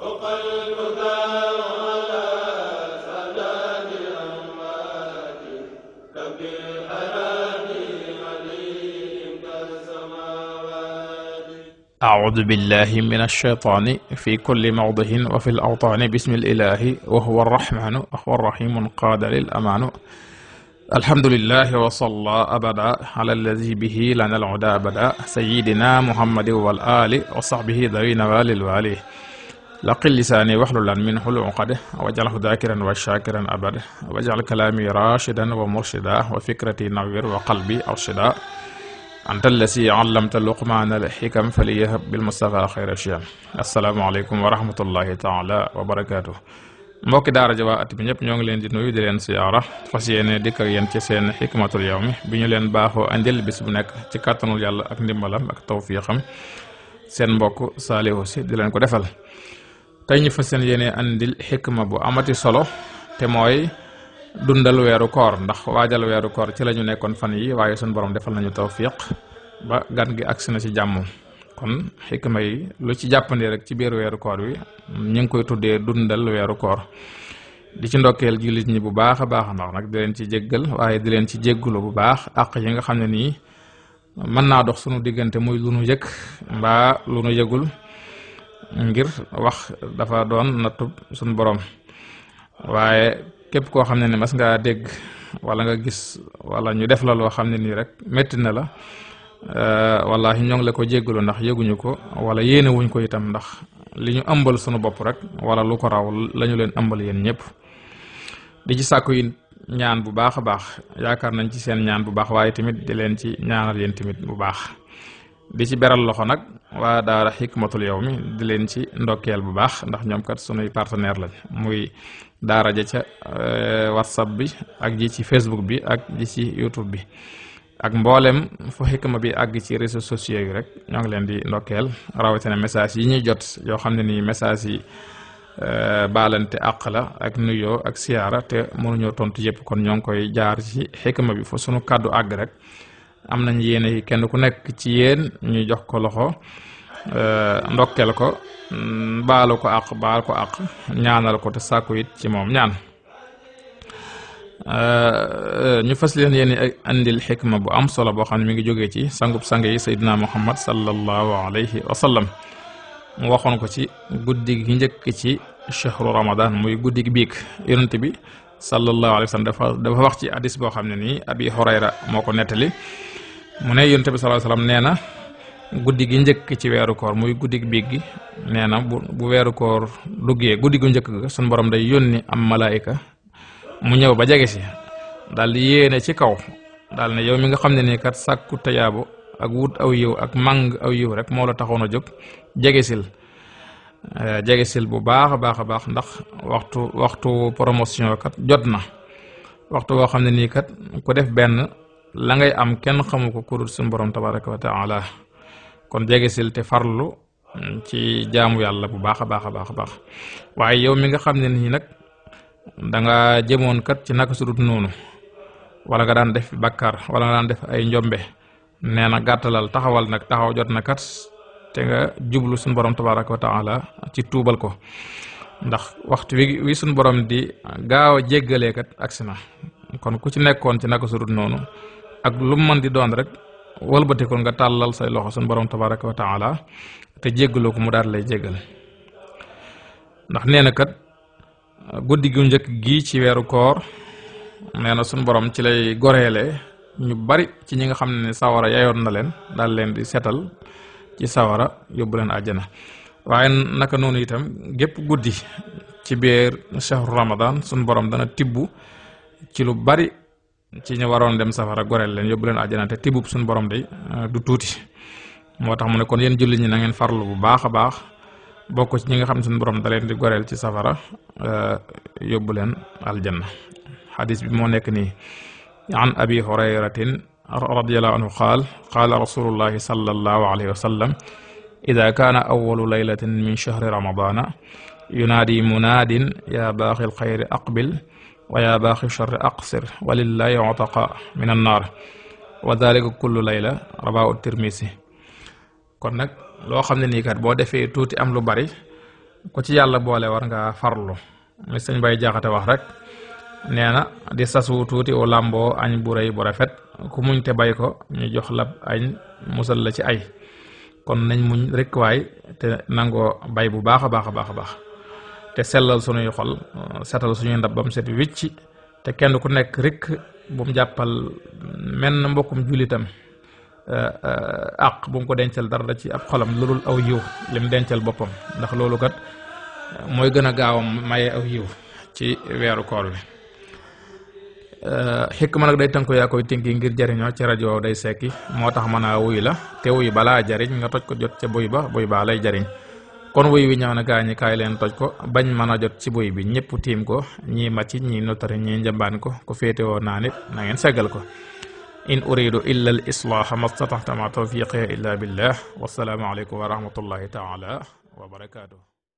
أعوذ بالله من الشيطان في كل موضع وفي الأوطان بسم الإله وهو الرحمن وهو الرحيم قاد للأمان الحمد لله وصلى أبدا على الذي به لنا العدا أبدا سيدنا محمد والآل وصحبه ذوي نوال الوالي laqi lisaani waxlulan min xulu uqade wajalhu dakiran wa shakiran abad wajal kalaami rashidan wa murshida wa fikrati nawir wa qalbi arshida anta allasi allamta luqmaana alxikam faliyahab bilmustafa xayra shiyam asalaamaaleykum wa rahmatullahi taala wa barakaatu mbokki daara ja ati bi ñëpp ñoo ngi leen di nuyu di leen siyaara fas yéene dikk ak yéen ci seen xikmatul yawmi bi ñu leen baaxoo andil bis bu nekk ci kattanu yàlla ak ndimbalam ak tawfiixam seen mbokk saalihu si di leen ko defal tey ñu fas yéene andil xikma bu amati solo te mooy dundal weeru koor ndax waajal weeru koor ci lañu nekkoon fan yi waaye suñ borom defal nañu tawfiq ba gan gi agsi na ci jàmm kon ma yi lu ci jàppandi rek ci biir weeru koor wi ñu ngi koy tuddee dundal weeru koor di ci ndokkeel jullit ñi bu baax a baax ndax nag di leen ci jéggal waaye di leen ci jéggulu bu baax àq yi nga xam ne nii mën naa dox sunu diggante muy lu nu yëg mbaa lu nu yëgul ngir wax dafa doon nattu suñ borom waaye képp koo xam ne ni mas ngaa dégg wala nga gis wala ñu def la loo xam ne nii rek metti na la euh, wallahi ñoo ngi la ko jéggalu ndax yëguñu ko wala yéene wuñ ko itam ndax li ñu ëmbal sunu bopp rek wala lu ko raw lañu leen ëmbal yéen ñëpp di ci sàkk yi ñaan bu baax a baax yaakaar nañ ci seen ñaan bu baax waaye tamit di leen ci ñaanal yéen tamit bu baax di ci beral loxo nag waa daara xikmatul mi di leen ci ndokkeel bu baax ndax ñoom kat sunuy partenaire lañ muy daara ja ca eh, whatsapp bi ak ji ci facebook bi ak ji ci youtube bi ak mboolem fu xikma bi àgg ci réseaux sociaux yi rek ñoo ngi leen di ndokkeel rawatina message yi ñuy jot yoo xam ne ni message yi eh, baalante àq la ak nuyoo ak siyaara te mënuñoo tontu yëpp kon ñoo ngi koy jaar ci xikma bi fu sunu kàddu àgg rek am nañ yéene yi kenn ku nekk ci yéen ñu jox ko loxo euh, ndokkeel ko baalu ko àq baal ko ak ñaanal ko te sàkku it ci moom ñaan euh, ñu fas leen yéen andil ma bu am solo boo xam ne mu ngi jóge ci sangub sang yi seydina muhammad sallallahu alayhi wa mu waxoon ko ci guddi gi njëkk ci chahru ramadan muy guddi gi biig yonent bi sallallahu alayhi wa sallam dafa dafa wax ci addis boo xam ne nii abi Hurayra moo ko nettali mu ne yonent bi sallallahu alayhi wa nee na guddi gi njëkk ci weeru koor muy guddi biig gi nee na bu bu weeru koor duggee guddi gu njëkk ga sunu borom day yónni am malaayika mu ñëw ba jege si daal di yéene ci kaw dal ne yow mi nga xam ne nii kat sàkku tayaabo ak wut aw yiw ak màng aw yiw rek moo la taxoon a jóg jegesil Euh, jege bu baax a baax a baax ndax waxtu waxtu promotion kat jot na waxtu woo xam ne nii kat ku def benn la ngay am kenn xamu ko ku dul suñu borom tabaraka wa taala kon jege te farlu ci jaamu yàlla bu baax a baax a baax a baax waaye yow mi nga xam ne nii nag danga jëmoon kat ci naka sudut noonu wala nga daan def bàkkaar wala nga daan def ay njombe nee na gàttalal taxawal nag taxaw jot na kat te nga jublu suñu borom tabaraka wa taala ci tuubal ko ndax waxtu wi wi suñu borom di gaaw a jéggalee agsi na kon ku ci nekkoon ci naka surut noonu ak lu mu mën di doon rek walbatikul nga tàllal say loxo suñu borom tabaraka wa taala te jéggaloo ko mu daal lay jéggal ndax neenakat guddi gu njëkk gi ci weeru koor nee na suñu borom ci lay goreele ñu bari ci ñi nga xam ne sawara yayoon na leen daal leen di setal ci safara yóbbu leen àjjana waaye naka noonu itam gépp guddi ci biir shahru ramadan suñ borom dana tibb ci lu bari ci ñu waroon dem safara goreel leen yóbbu leen àjjana te tibbub suñ borom de euh, du tuuti moo tax mu ne yéen jullit ñi na ngeen bu baax a baax bokk ñi nga xam ne suñu borom da di goreel ci safara euh, yóbbu leen aljanna xadis bi moo nekk nii an abi hurayratin radiyallahu anhu qaal qaala rasulullahi sallallahu alayhi wa sallam ida kaana awalu laylatin min chahri ramadana yunaadi munaadin yaa baaxi lxayri aqbil wa yaa baaxi charri aqsir walillahi otaqa min annaar wa dalika kullu layla rawahu tirmisi kon nag loo xam ne nii kat boo defee tuuti am lu bari ko ci yàlla boole war nga farlu mi sëñ bay jaxate wax rek nee na di saswu tuuti wu làmboo añ bu rëy bu rafet ku muñ te bay ko ñu jox lab añ musal la ci ay kon nañ muñ rek waay te nangoo bay bu baax a baax a baax a baax te sellal suñuy xol setal suñuy ndab bam set wicc te kenn ku nekk rek bu mu jàppal menn mbokkum jullitam eh, eh, àq bum ko dencal dara ci ab xolam lu dul aw yiw lim dencal boppam ndax loolu kat eh, mooy gën a gaaw a maye aw yiw ci weeru koor wi Eh, ma nag day tënku yaa koy tinki ngir jariñoo ci rajo day sekki moo tax mën a wuy la te wuy balaa jariñ nga toj ko jot ca buy ba buy baa lay jariñ kon wuy wi ñëw na gaa ñi kaay leen toj ko bañ mën a jot ci buy bi ñëpp tiim ko ñii macc ñii notari ñii njambaan ko ko féete woo naa nit na ngeen seggal ko in uridu illa al islaaha mastataxtama tawfiqi illa billah wasalaamu aleykum wa rahmatullahi taala